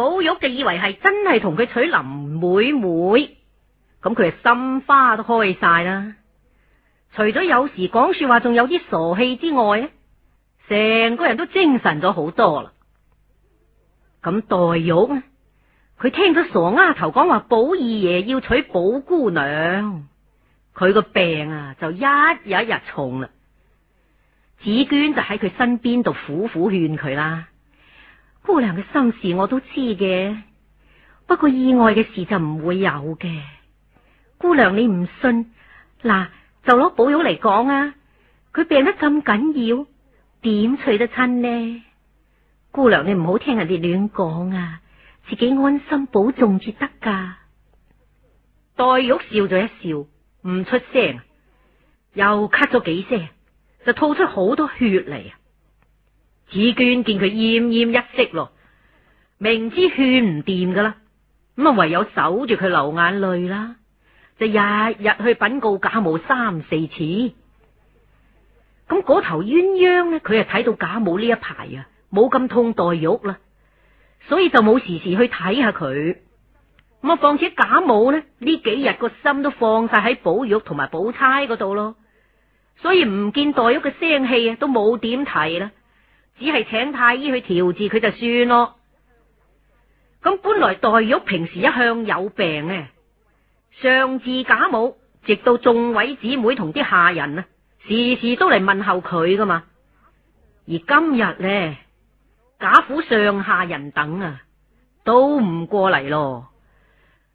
寶玉就以為係真係同佢娶林妹妹，咁佢就心花都開晒啦。除咗有時講說話仲有啲傻氣之外，成個人都精神咗好多啦。咁黛玉佢聽咗傻丫頭講話寶二爺要娶寶姑娘，佢個病啊就一日一日重啦。紫鵑就喺佢身邊度苦苦勸佢啦。姑娘嘅心事我都知嘅，不過意外嘅事就唔會有嘅。姑娘你唔信，嗱就攞寶玉嚟講啊，佢病得咁緊要，點娶得親呢？姑娘你唔好聽人哋亂講啊，自己安心保重至得㗎。黛玉笑咗一笑，唔出聲，又咳咗幾聲，就吐出好多血嚟。紫娟見佢奄奄一息咯，明知勸唔掂噶啦，咁啊唯有守住佢流眼淚啦，就日日去稟告賈母三四次。咁嗰頭鴛鴦呢？佢就睇到賈母呢一排啊，冇咁痛黛玉啦，所以就冇時時去睇下佢。咁啊，況且賈母呢呢幾日個心都放晒喺寶玉同埋寶釵嗰度咯，所以唔見黛玉嘅聲氣啊，都冇點提啦。只係請太醫去調治佢就算咯。咁本來黛玉平時一向有病嘅，啊，上至賈母，直到眾位姊妹同啲下人啊，時時都嚟問候佢噶嘛。而今日呢，賈府上下人等啊，都唔過嚟咯，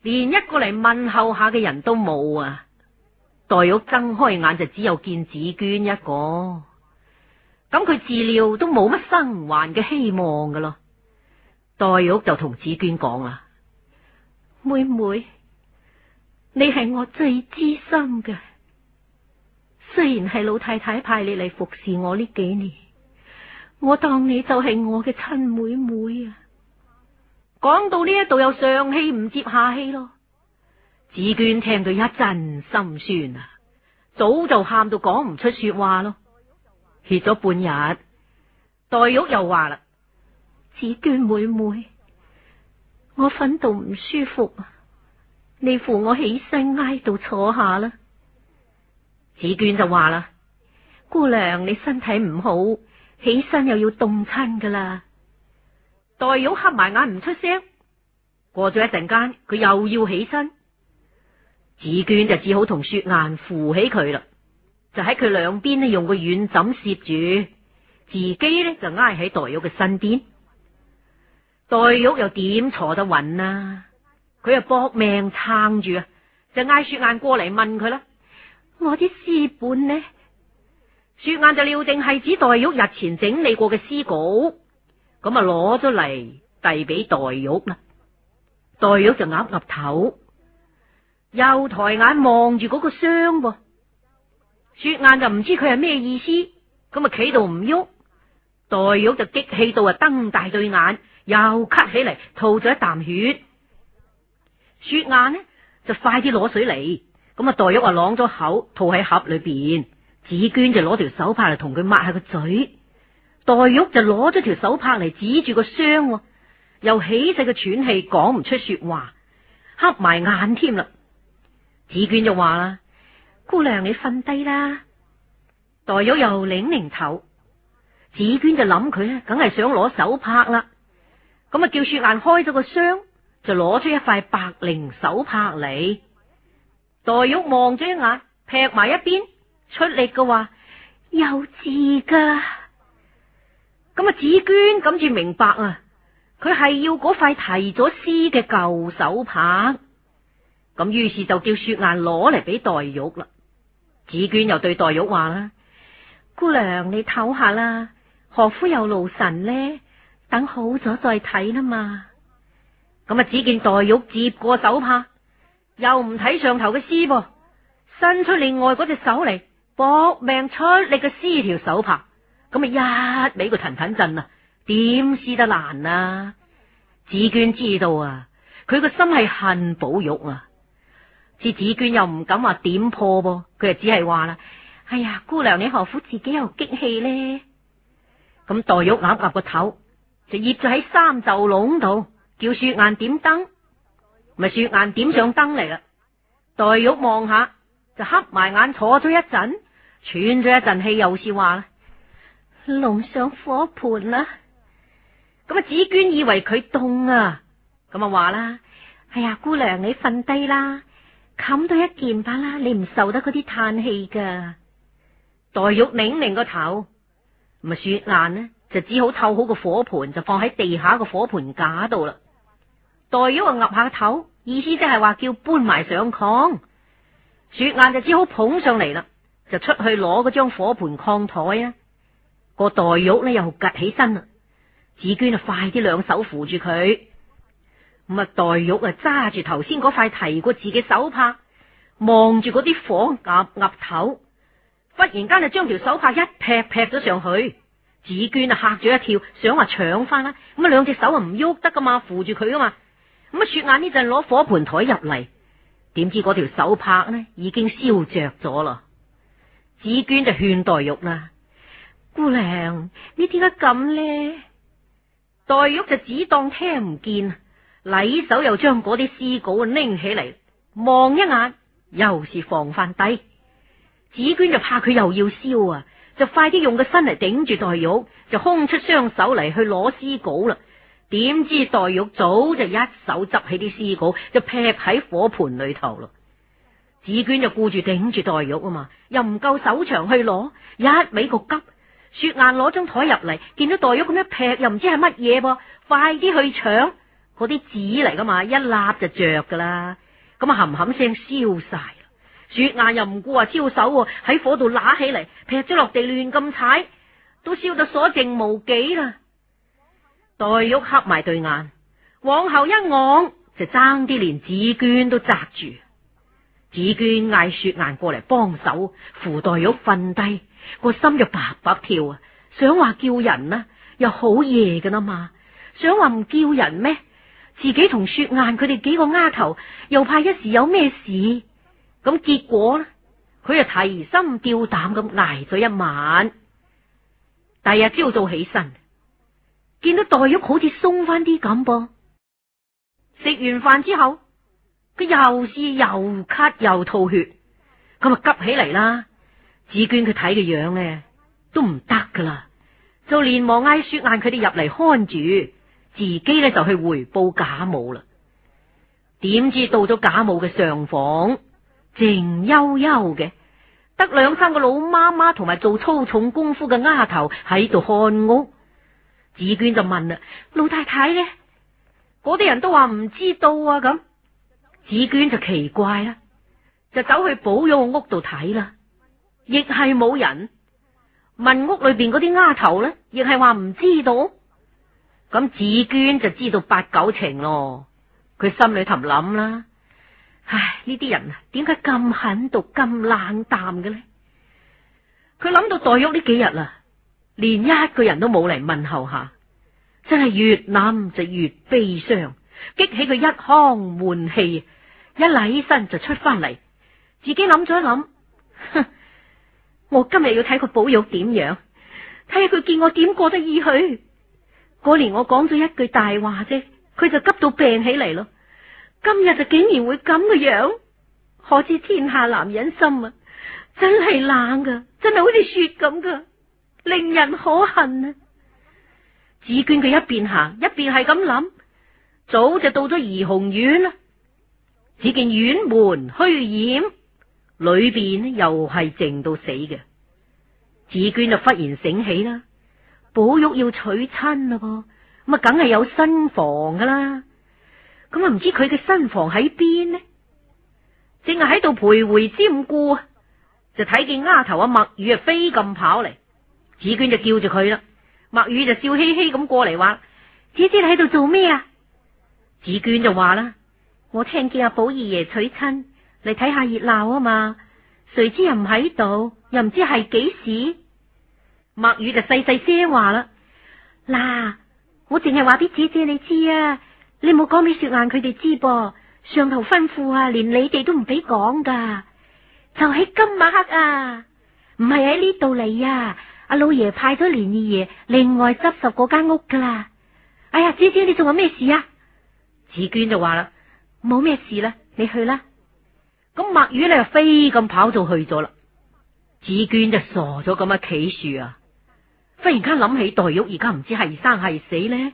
連一個嚟問候下嘅人都冇啊。黛玉睜開眼就只有見紫鵑一個。咁佢治療都冇乜生還嘅希望噶咯，黛玉就同紫鵑講啦：，妹妹，你係我最知心嘅，雖然係老太太派你嚟服侍我呢幾年，我當你就係我嘅親妹妹啊。講到呢一度又上氣唔接下氣咯，紫鵑聽到一陣心酸啊，早就喊到講唔出說話咯。歇咗半日，黛玉又話啦：，紫鵑妹妹，我瞓度唔舒服，你扶我起身挨度坐下啦。紫鵑就話啦：，姑娘你身體唔好，起身又要凍親噶啦。黛玉黑埋眼唔出聲，過咗一陣間，佢又要起身，紫鵑就只好同雪雁扶起佢啦。就喺佢兩邊呢，用個軟枕攝住，自己呢就挨喺黛玉嘅身邊。黛玉又點坐得穩啊？佢又搏命撐住啊！就嗌雪雁過嚟問佢啦：我啲詩本呢？雪雁就料定係指黛玉日前整理過嘅詩稿，咁啊攞咗嚟遞俾黛玉啦。黛玉就岌岌頭，又抬眼望住嗰個箱噃。雪雁就唔知佢係咩意思，咁啊企度唔喐。黛玉就激氣到啊，瞪大對眼，又咳起嚟，吐咗一啖血。雪雁呢就快啲攞水嚟，咁啊黛玉啊啷咗口，吐喺盒裏邊。紫鵑就攞條手帕嚟同佢抹下個嘴。黛玉就攞咗條手帕嚟指住個傷，又起勢嘅喘氣，講唔出說話，黑埋眼添啦。紫鵑就話啦。姑娘，你瞓低啦。黛玉又擰擰頭，紫鵑就諗佢梗係想攞手帕啦。咁啊，叫雪雁開咗個箱，就攞出一塊白綾手帕嚟。黛玉望咗一眼，劈埋一邊，出力嘅話有字噶。咁啊，紫鵑咁住明白啊，佢係要嗰塊提咗絲嘅舊手帕。咁於是就叫雪雁攞嚟俾黛玉啦。紫鵑又對黛玉話啦：姑娘，你唞下啦，何夫又勞神呢？等好咗再睇啦嘛。咁啊，只見黛玉接過手帕，又唔睇上頭嘅詩噃，伸出另外嗰隻手嚟搏命出力嘅撕條手帕。咁啊，一俾個騰騰震啊，點撕得爛啊？紫鵑知道啊，佢個心係恨寶玉啊。知紫娟又唔敢話點破，噃，佢就只係話啦：哎呀，姑娘，你何苦自己又激氣呢？」咁黛玉岌岌個頭，就掖咗喺三袖籠度，叫雪雁點燈，咪雪雁點上燈嚟啦。黛玉望下就黑埋眼，坐咗一陣，喘咗一陣氣，又是話：籠上火盆啦。咁啊，紫娟以為佢凍啊，咁啊話啦：哎呀，姑娘，你瞓低啦。冚到一件吧啦，你唔受得嗰啲嘆氣噶。黛玉擰擰個頭，咁啊，雪雁呢就只好偷好個火盆，就放喺地下個火盆架度啦。黛玉啊岌下個頭，意思即係話叫搬埋上炕。雪雁就只好捧上嚟啦，就出去攞嗰張火盆炕台啊。那個黛玉呢又夾起身啦，紫鵑啊快啲兩手扶住佢。咁啊！黛玉啊，揸住頭先嗰塊提過自己手帕，望住嗰啲火，岌岌頭。忽然間就將條手帕一劈一劈咗上去，紫鵑啊吓咗一跳，想話搶翻啦。咁啊，兩隻手啊唔喐得噶嘛，扶住佢噶嘛。咁啊，雪雁呢就攞火盆台入嚟，點知嗰條手帕呢已經燒着咗啦。紫鵑就勸黛玉啦：，姑娘，你點解咁呢？黛玉就只當聽唔見。禮手又將嗰啲詩稿拎起嚟，望一眼，又是放翻低。紫鵑就怕佢又要燒啊，就快啲用個身嚟頂住黛玉，就空出雙手嚟去攞詩稿啦。點知黛玉早就一手執起啲詩稿，就劈喺火盆裏頭啦。紫鵑就顧住頂住黛玉啊嘛，又唔夠手長去攞，一味個急，雪雁攞張台入嚟，見到黛玉咁樣劈，又唔知係乜嘢噃，快啲去搶。嗰啲紙嚟噶嘛，一焟就着噶啦，咁啊冚冚聲燒晒，雪雁又唔顧話招手喎，喺、啊、火度揦起嚟劈咗落地亂咁踩，都燒到所剩無幾啦。黛、嗯、玉黑埋對眼，往後一昂，就爭啲連紫鵑都砸住。紫鵑嗌雪雁過嚟幫手扶黛玉瞓低，個心就白白跳啊，想話叫人啊，又好夜噶啦嘛，想話唔叫人咩？自己同雪雁佢哋幾個丫頭，又怕一時有咩事，咁結果呢？佢就提心吊膽咁挨咗一晚。第二日朝早起身，見到黛玉好似鬆翻啲咁噃。食完飯之後，佢又試又咳又吐血，咁啊急起嚟啦。紫鵑佢睇嘅樣呢，都唔得噶啦，就連忙嗌雪雁佢哋入嚟看住。自己呢就去回報賈母啦，點知到咗賈母嘅上房，靜悠悠嘅，得兩三個老媽媽同埋做粗重功夫嘅丫頭喺度看屋。紫鵑就問啦：老太太咧，嗰啲人都話唔知道啊咁。紫鵑就奇怪啦，就走去寶玉屋度睇啦，亦係冇人問，屋裏邊嗰啲丫頭咧，亦係話唔知道。咁紫鵑就知道八九情咯，佢心裏頭諗啦，唉，呢啲人點解咁狠毒，咁冷淡嘅呢？佢諗到黛玉呢幾日啦，連一個人都冇嚟問候下，真係越諗就越悲傷，激起佢一腔悶氣，一禮身就出翻嚟，自己諗咗一諗，哼，我今日要睇佢寶玉點樣，睇下佢見我點過得意去。嗰年我講咗一句大話啫，佢就急到病起嚟咯。今日就竟然會咁嘅樣，可知天下男人心啊，真係冷噶，真係好似雪咁噶，令人可恨啊！紫鵑佢一邊行一邊係咁諗，早就到咗怡紅院啦。只見院門虛掩，裏邊呢又係靜到死嘅。紫鵑就忽然醒起啦。寶玉要娶親嘞噃，咁啊梗係有新房噶啦，咁啊唔知佢嘅新房喺邊呢？淨係喺度徘徊瞻顧，就睇見丫頭阿墨雨啊飛咁跑嚟，紫娟就叫住佢啦。墨雨就笑嘻嘻咁過嚟話：姐姐你喺度做咩啊？紫娟就話啦：我聽見阿寶二爺娶親，嚟睇下熱鬧啊嘛，誰知又唔喺度，又唔知係幾時。墨雨就細細聲話啦：嗱，我淨係話俾姐姐你知啊，你冇講俾雪雁佢哋知噃。上頭吩咐啊，連你哋都唔俾講噶。就喺今晚黑啊，唔係喺呢度嚟啊。阿老爺派咗連二爺另外執拾嗰間屋噶啦。哎呀，姐姐你仲有咩事啊？紫娟就話啦：冇咩事啦，你去啦。咁墨雨就飛咁跑到去咗啦。紫娟就傻咗咁樣企樹啊。忽然間諗起黛玉而家唔知係生係死咧，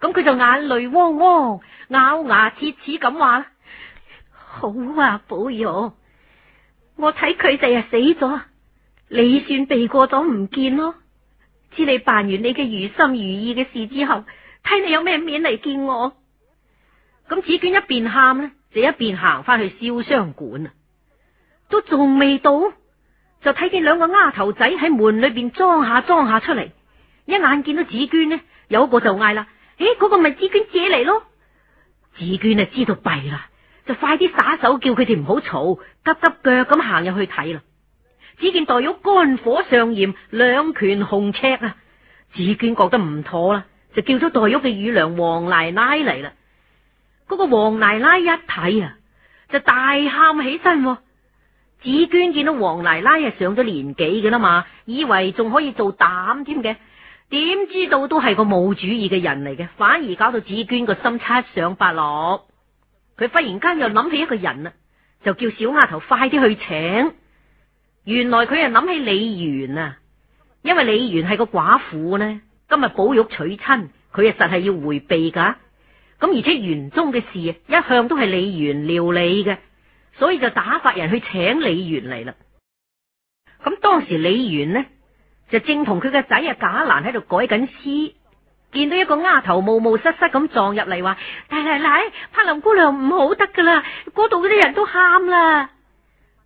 咁佢就眼淚汪汪、咬牙切齒咁話：好啊，寶玉，我睇佢第日死咗，你算避過咗唔見咯。知你辦完你嘅如心如意嘅事之後，睇你有咩面嚟見我。咁紫鵑一邊喊咧，就一邊行翻去瀟湘館啊，都仲未到。就睇見兩個丫頭仔喺門裏邊裝下裝下出嚟，一眼見到紫娟呢，有一個就嗌啦：誒、欸，嗰、那個咪紫娟姐嚟咯！紫娟啊，知道弊啦，就快啲撒手，叫佢哋唔好嘈，急急腳咁行入去睇啦。只見黛玉肝火上炎，兩拳紅赤啊！紫娟覺得唔妥啦，就叫咗黛玉嘅乳娘黃奶奶嚟啦。嗰、那個黃奶奶一睇啊，就大喊起身、啊。紫娟見到王奶奶係上咗年紀嘅啦嘛，以為仲可以做膽添嘅，點知，知道都係個冇主意嘅人嚟嘅，反而搞到紫娟個心七上八落。佢忽然間又諗起一個人啊，就叫小丫頭快啲去請。原來佢係諗起李元啊，因為李元係個寡婦呢，今日寶玉娶親，佢啊實係要回避噶。咁而且園中嘅事啊，一向都係李元料理嘅。所以就打發人去請李紈嚟啦。咁當時李紈呢就正同佢嘅仔啊賈蘭喺度改緊詩，見到一個丫頭冒冒失失咁撞入嚟，話大奶奶，柏林姑娘唔好得噶啦，嗰度嗰啲人都喊啦。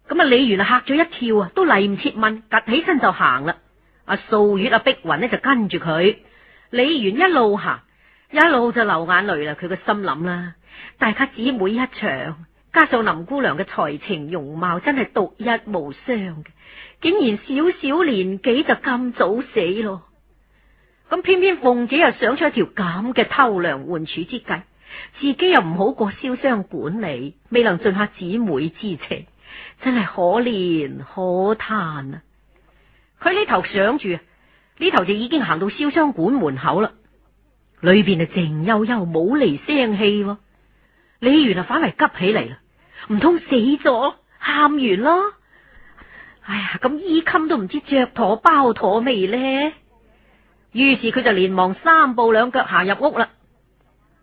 咁啊李紈吓咗一跳啊，都嚟唔切問，夾起身就行啦。阿、啊、素月、阿、啊、碧雲呢就跟住佢。李紈一路行，一路就流眼淚啦。佢個心諗啦，大家姊妹一場。加上林姑娘嘅才情容貌真係獨一無二嘅，竟然小小年紀就咁早死咯。咁偏偏鳳姐又想出一條咁嘅偷梁換柱之計，自己又唔好過瀟湘館裏，未能盡下姊妹之情，真係可憐可嘆啊！佢呢頭想住，啊，呢頭就已經行到瀟湘館門口啦。裏邊啊靜悠悠冇嚟，聲氣李原來反嚟急起嚟啦。唔通死咗，喊完咯！哎呀，咁衣襟都唔知着妥包妥，妥，妥未呢？於是佢就連忙三步兩腳行入屋啦。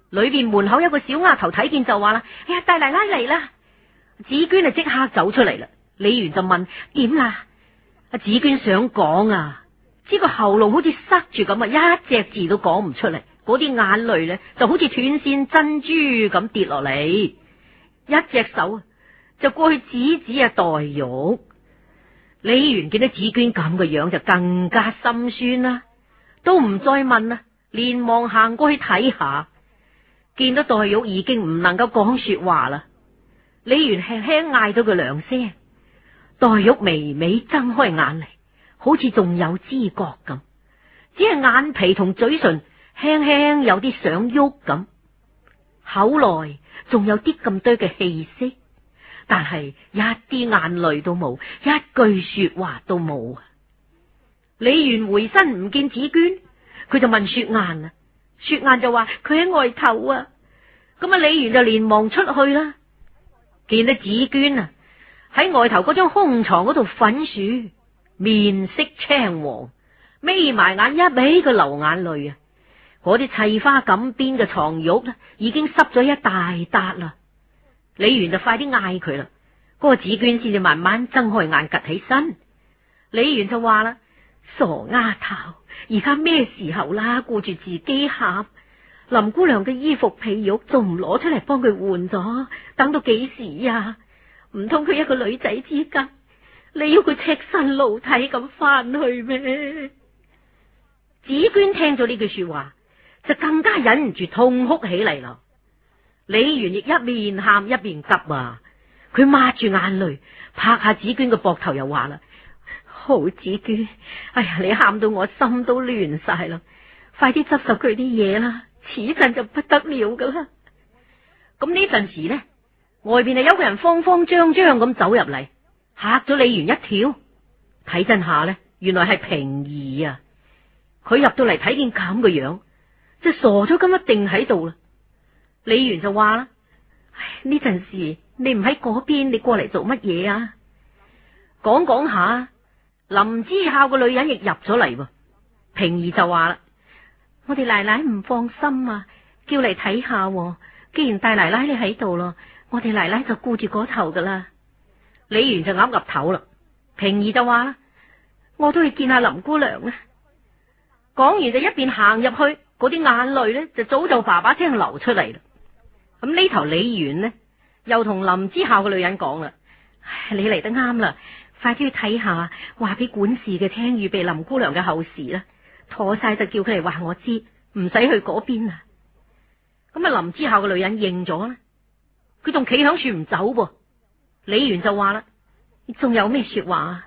裏邊門口有個小丫頭睇見就話啦：哎呀，大奶奶嚟！啦，紫鵑啊，即刻走出嚟啦。李紈就問：點啦？阿紫鵑想講啊，知個喉嚨好似塞住咁啊，一隻字都講唔出嚟。嗰啲眼淚咧，就好似斷線珍珠咁跌落嚟。一隻手啊，就過去指指啊，黛玉。李元見到紫鵑咁個樣就更加心酸啦，都唔再問啦，連忙行過去睇下，見到黛玉已經唔能夠講說話啦。李元輕輕嗌到佢兩聲，黛玉微微睜開眼嚟，好似仲有知覺咁，只係眼皮同嘴唇輕輕有啲想喐咁，後來。仲有啲咁多嘅氣息，但係一啲眼淚都冇，一句說話都冇啊！李元回身唔見紫娟，佢就問雪雁啊，雪雁就話佢喺外頭啊。咁啊，李元就連忙出去啦，見到紫娟啊喺外頭張空床度瞓住，面色青黃，眯埋眼一，一味佢流眼淚啊！嗰啲砌花錦邊嘅床褥咧，已經濕咗一大笪啦。李源就快啲嗌佢啦。嗰、那個紫鵑先至慢慢睜開眼，趌起身。李源就話啦：傻丫頭，而家咩時候啦？顧住自己喊，林姑娘嘅衣服被褥仲唔攞出嚟幫佢換咗？等到幾時呀、啊？唔通佢一個女仔之間，你要佢赤身露體咁翻去咩？紫鵑聽咗呢句說話。就更加忍唔住痛哭起嚟啦！李紈亦一面喊一面急啊，佢抹住眼淚，拍下紫鵑個膊頭，又話啦：好紫鵑，哎呀，你喊到我心都亂晒啦！快啲執拾佢啲嘢啦，此陣就不得了噶啦！咁呢陣時呢，外邊係有個人慌慌張張咁走入嚟，嚇咗李紈一跳。睇真下呢，原來係平兒啊！佢入到嚟睇見咁個樣，樣。就傻咗咁一定喺度啦。李元就話啦：唉，呢陣時你唔喺嗰邊，你過嚟做乜嘢啊？講講下，林之孝個女人亦入咗嚟。平兒就話啦：我哋奶奶唔放心啊，叫嚟睇下啊。既然大奶奶你喺度咯，我哋奶奶就顧住嗰頭噶啦。李元就岌岌頭啦。平兒就話啦：我都去見下林姑娘啊。講完就一邊行入去。嗰啲眼淚咧就早就爸爸聲流出嚟啦。咁呢頭李源呢，又同林之孝個女人講啦：唉，你嚟得啱啦，快啲去睇下，話俾管事嘅聽，預備林姑娘嘅後事啦。妥晒就叫佢嚟話我知，唔使去嗰邊啊。咁啊，林之孝個女人應咗啦，佢仲企響處唔走噃。李源就話啦：仲有咩說話啊？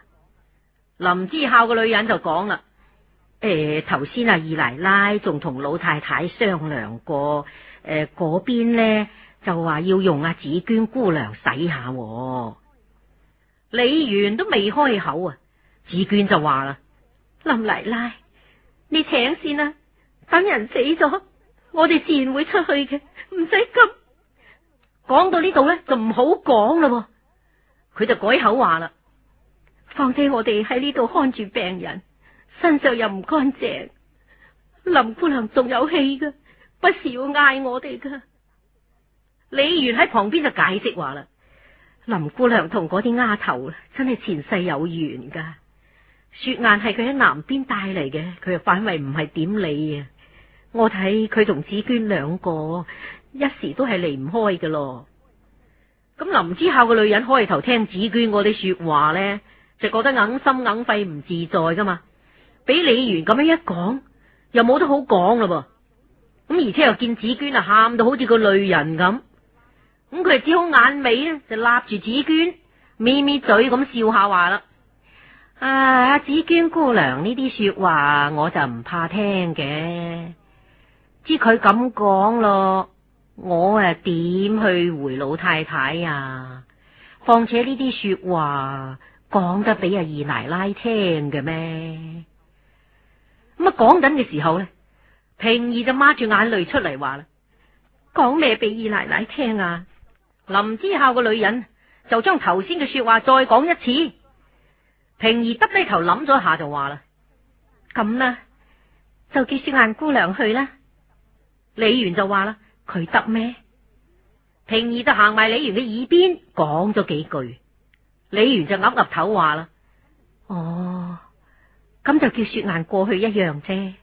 林之孝個女人就講啦。誒，頭先啊，二奶奶仲同老太太商量過，誒，嗰邊咧就話要用阿紫娟姑娘洗下。李元都未開口啊，紫娟就話啦：林奶奶，你請先啦，啊，等人死咗，我哋自然會出去嘅，唔使急。講到呢度咧，就唔好講嘞。佢就改口話啦：放低我哋喺呢度看住病人。身上又唔乾淨，林姑娘仲有氣噶，不時會嗌我哋噶。李源喺旁邊就解釋話啦：林姑娘同嗰啲丫頭真係前世有緣噶。雪雁係佢喺南邊帶嚟嘅，佢又反為唔係點理。啊！我睇佢同紫鵑兩個一時都係離唔開噶咯。咁林之孝個女人開頭聽紫鵑嗰啲說話咧，就覺得硬心硬肺唔自在噶嘛。俾李紈咁樣一講，又冇得好講嘞噃，咁而且又見紫鵑啊，喊到好似個淚人咁，咁佢只好眼尾咧就攬住紫鵑，咪咪嘴咁笑下話啦。啊，紫鵑姑娘呢啲說話我就唔怕聽嘅，知佢咁講咯，我誒點去回老太太啊？況且呢啲說話講得俾阿二奶奶聽嘅咩？咁講緊嘅時候咧，平兒就抹住眼淚出嚟話啦，講咩俾二奶奶聽啊？林之孝個女人就將頭先嘅說話再講一次。平兒耷低頭諗咗下就話啦，咁啦就叫雪雁姑娘去啦。李源就話啦，佢得咩？平兒就行埋李源嘅耳邊講咗幾句，李源就岌岌頭話啦，哦。咁就叫雪雁過去一樣啫。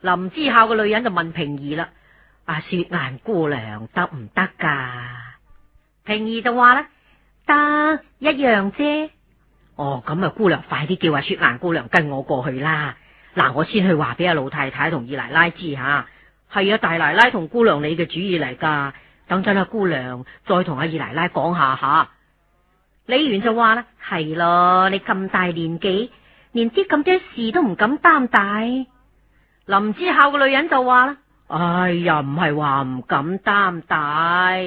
林之孝個女人就問平兒啦：，阿、啊、雪雁姑娘得唔得？噶、啊、平兒就話啦，得一樣啫。哦，咁啊，姑娘快啲叫阿雪雁姑娘跟我過去啦。嗱、啊，我先去話俾阿老太太同二奶奶知吓。係啊，大奶奶同姑娘你嘅主意嚟噶。等陣阿姑娘再同阿二奶奶講下吓。李紈就話啦：，係咯、啊，你咁大年紀連啲咁多事都唔敢擔帶，林之孝個女人就話啦：，哎呀，唔係話唔敢擔帶，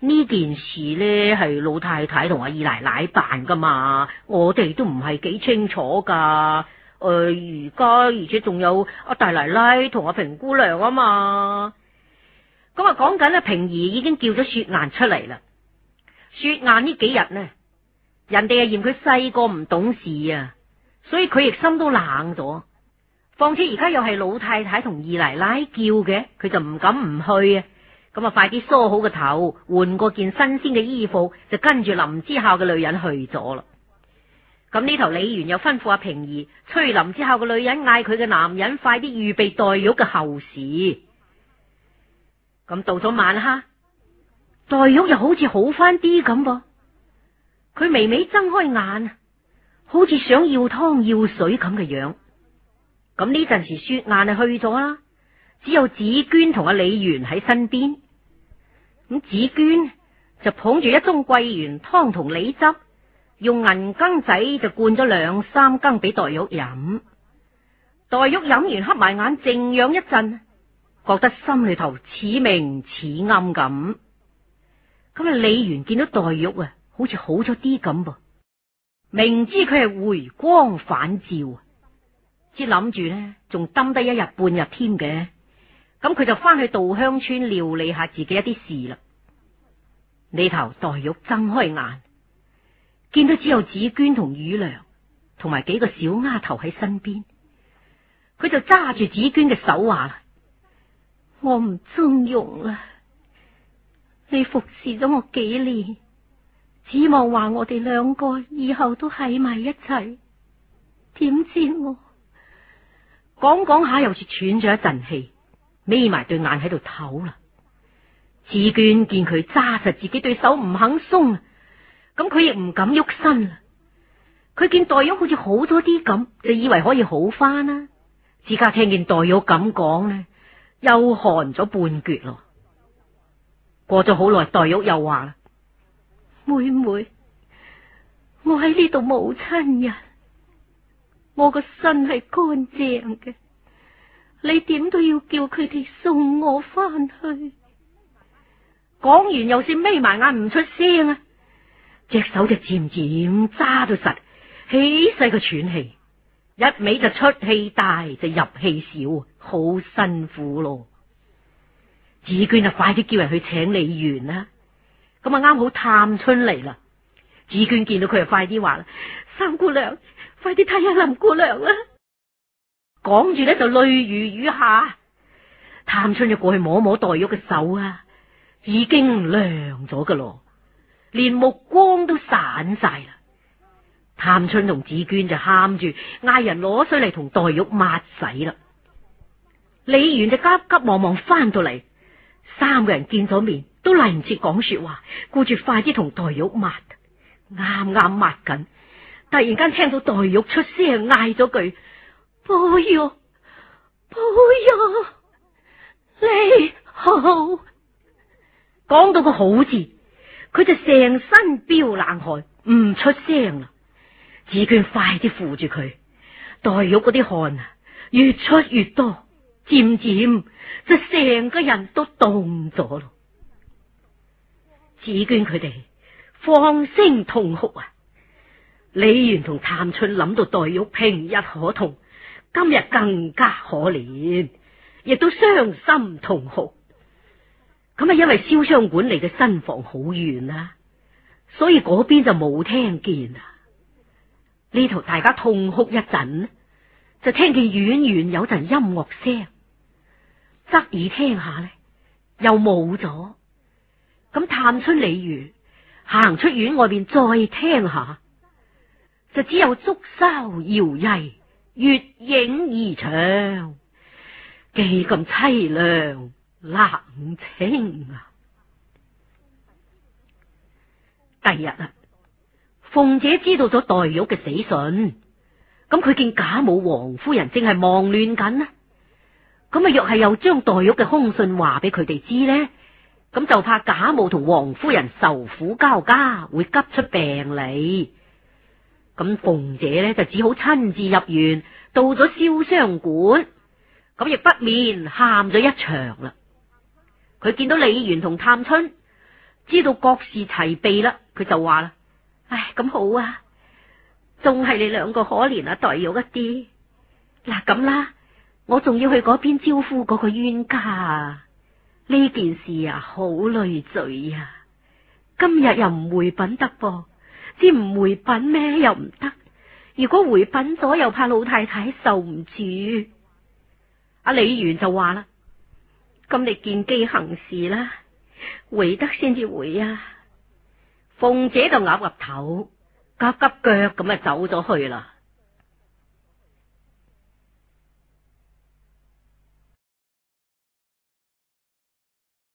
呢件事呢係老太太同阿二奶奶辦噶嘛，我哋都唔係幾清楚噶。誒、呃，而家而且仲有阿大奶奶同阿平姑娘啊嘛，咁啊講緊阿平兒已經叫咗雪雁出嚟啦。雪雁呢幾日呢，人哋啊嫌佢細個唔懂事啊。所以佢亦心都冷咗，況且而家又係老太太同二奶奶叫嘅，佢就唔敢唔去啊！咁啊，快啲梳好個頭，換過件新鮮嘅衣服，就跟住林之孝嘅女人去咗啦。咁呢頭李源又吩咐阿萍兒，催林之孝嘅女人嗌佢嘅男人快啲預備黛玉嘅後事。咁到咗晚黑，黛玉又好似好翻啲咁噃，佢微微睜開眼。好似想要湯要水咁嘅樣，咁呢陣時雪雁啊去咗啦，只有紫鵑同阿李紈喺身邊。咁紫鵑就捧住一盅桂圓湯同梨汁，用銀羹仔就灌咗兩三羹俾黛玉飲。黛玉飲完瞌埋眼，靜養一陣，覺得心裏頭似明似暗咁。咁李紈見到黛玉啊，好似好咗啲咁噃。明知佢係回光返照，只諗住呢仲蹲得一日半日添嘅，咁佢就翻去稻香村料理下自己一啲事啦。呢頭黛玉睜開眼，見到只有紫鵑同宇良同埋幾個小丫頭喺身邊，佢就揸住紫鵑嘅手話啦： 我唔中用啦，你服侍咗我幾年。指望話我哋兩個以後都喺埋一齊，點知我講講下又似喘咗一陣氣，眯埋對眼喺度唞啦。紫鵑見佢揸實自己對手唔肯鬆，咁佢亦唔敢喐身。佢見黛玉好似好多啲咁，就以為可以好返啦。自家聽見黛玉咁講呢，又寒咗半橛咯。過咗好耐，黛玉又話啦。妹妹，我喺呢度冇親人，我個身係乾淨嘅，你點都要叫佢哋送我翻去。講完又是眯埋眼唔出聲啊，隻手就漸漸揸到實，起勢個喘氣，一味就出氣大就入氣少，好辛苦咯。紫鵑就快啲叫人去請李紈啦！咁啊，啱好探春嚟啦！紫鵑見到佢就快啲話啦，三姑娘，快啲睇下林姑娘啦！啊！講住咧就淚如雨下。探春就過去摸摸黛玉嘅手啊，已經涼咗噶咯，連目光都散晒啦。探春同紫鵑就喊住嗌人攞水嚟同黛玉抹洗啦。李紈就急急忙忙翻到嚟，三個人見咗面。都嚟唔切講說話，顧住快啲同黛玉抹，啱啱抹緊，突然間聽到黛玉出聲嗌咗句：寶玉，寶玉，你好！講到個好字，佢就成身飆冷汗，唔出聲啦。紫鵑快啲扶住佢，黛玉嗰啲汗啊，越出越多，漸漸就成個人都凍咗咯。紫鵑佢哋放聲痛哭啊！李紈同探春諗到黛玉平日可痛，今日更加可憐，亦都傷心痛哭。咁啊，因為瀟湘館離嘅新房好遠啊，所以嗰邊就冇聽見啊。呢頭大家痛哭一陣，就聽見遠遠有陣音樂聲，側耳聽下呢，又冇咗。咁探春李紈，行出院外邊再聽下，就只有竹梢搖曳，月影移牆，幾咁凄涼冷清啊！第二日啊，鳳姐知道咗黛玉嘅死訊，咁佢見賈母、王夫人正係忙亂緊呢，咁啊，若係又將黛玉嘅凶信話俾佢哋知呢？咁就怕賈母同王夫人愁苦交加，會急出病嚟。咁鳳姐呢，就只好親自入園，到咗瀟湘館，咁亦不免喊咗一場啦。佢見到李紈同探春，知道各事齊備啦，佢就話啦：唉，咁好啊，仲係你兩個可憐啊，黛玉一啲。嗱，咁啦，我仲要去嗰邊招呼嗰個冤家啊！呢件事啊，好累贅啊！今日又唔回禀得噃，知唔回禀咩又唔得。如果回禀咗，又怕老太太受唔住。阿李元就話啦：咁你見機行事啦，回得先至回啊！鳳姐就咬岌頭，急急腳咁啊走咗去啦。